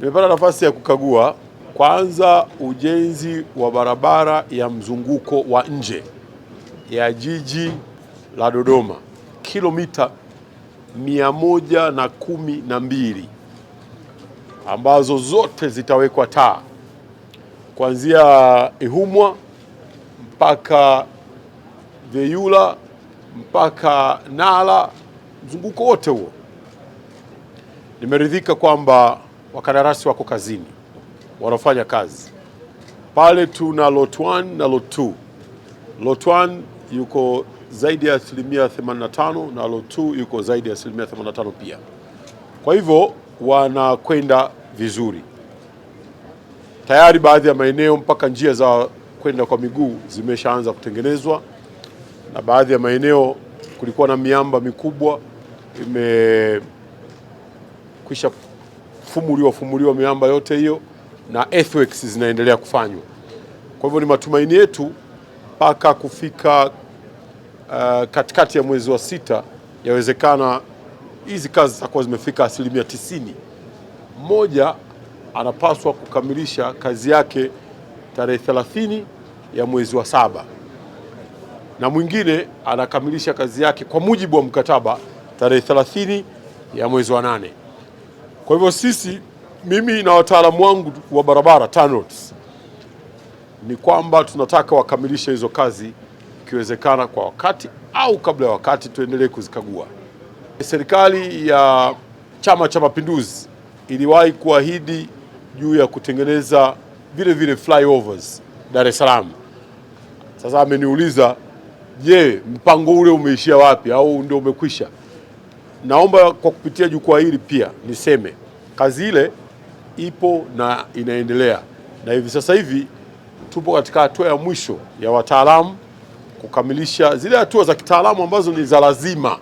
Nimepata nafasi ya kukagua kwanza ujenzi wa barabara ya mzunguko wa nje ya jiji la Dodoma kilomita mia moja na kumi na mbili ambazo zote zitawekwa taa kuanzia Ihumwa mpaka Veyula mpaka Nala, mzunguko wote huo. Nimeridhika kwamba wakandarasi wako kazini, wanafanya kazi pale. Tuna lot 1 na lot 2. Lot 1 yuko zaidi ya asilimia 85 na lot 2 yuko zaidi ya asilimia 85 pia, kwa hivyo wanakwenda vizuri tayari. Baadhi ya maeneo mpaka njia za kwenda kwa miguu zimeshaanza kutengenezwa, na baadhi ya maeneo kulikuwa na miamba mikubwa imekwisha kufumuliwa fumuliwa miamba yote hiyo na earthworks zinaendelea kufanywa. Kwa hivyo ni matumaini yetu mpaka kufika uh, katikati ya mwezi wa sita, yawezekana hizi kazi zitakuwa zimefika asilimia tisini. Mmoja anapaswa kukamilisha kazi yake tarehe 30 ya mwezi wa saba na mwingine anakamilisha kazi yake kwa mujibu wa mkataba tarehe 30 ya mwezi wa nane. Kwa hivyo sisi, mimi na wataalamu wangu wa barabara TANROADS, ni kwamba tunataka wakamilishe hizo kazi ikiwezekana kwa wakati au kabla ya wakati, tuendelee kuzikagua. Serikali ya Chama cha Mapinduzi iliwahi kuahidi juu ya kutengeneza vile vile flyovers Dar es Salaam. Sasa ameniuliza, je, mpango ule umeishia wapi au ndio umekwisha? Naomba kwa kupitia jukwaa hili pia niseme kazi ile ipo na inaendelea, na hivi sasa hivi tupo katika hatua ya mwisho ya wataalamu kukamilisha zile hatua za kitaalamu ambazo ni za lazima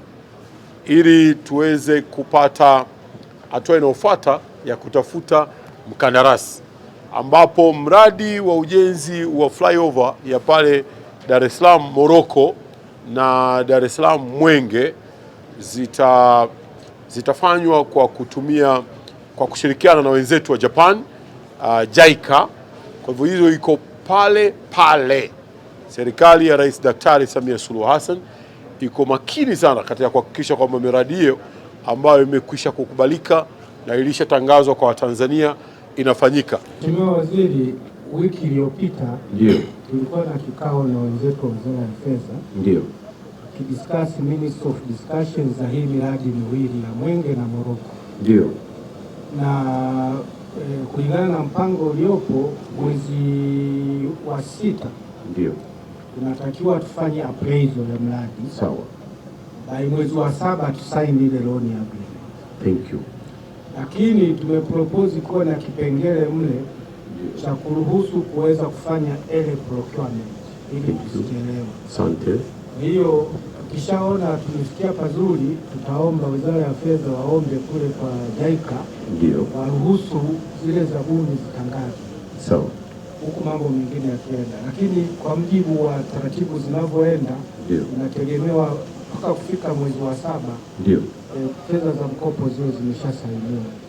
ili tuweze kupata hatua inayofuata ya kutafuta mkandarasi, ambapo mradi wa ujenzi wa flyover ya pale Dar es Salaam Moroko na Dar es Salaam Mwenge zita, zitafanywa kwa kutumia kwa kushirikiana na wenzetu wa Japan uh, JICA. Kwa hivyo hizo iko pale pale, serikali ya Rais Daktari Samia Suluhu Hassan iko makini sana katika kuhakikisha kwamba miradi hiyo ambayo imekwisha kukubalika na ilishatangazwa kwa Watanzania inafanyika. Mheshimiwa Waziri, wiki iliyopita ndio tulikuwa na kikao na wenzetu wa Wizara ya Fedha ndio tukidiscuss minutes of discussion za hii miradi miwili ya Mwenge na Moroko. Ndio. Na e, kulingana na mpango uliopo mwezi wa sita ndio tunatakiwa tufanye appraisal ya mradi. Sawa. By mwezi wa saba tusaini ile loan ya Thank you. Lakini tumepropose kuwa na kipengele mle cha kuruhusu kuweza kufanya ele procurement ili tusichelewe. Asante. Kwa hiyo ukishaona tumefikia pazuri, tutaomba wizara ya fedha waombe kule kwa JICA ndio waruhusu zile zabuni zitangazwe, so huku mambo mengine yakienda, lakini kwa mjibu wa taratibu zinavyoenda inategemewa mpaka kufika mwezi wa saba ndio eh, fedha za mkopo zio zimeshasainiwa.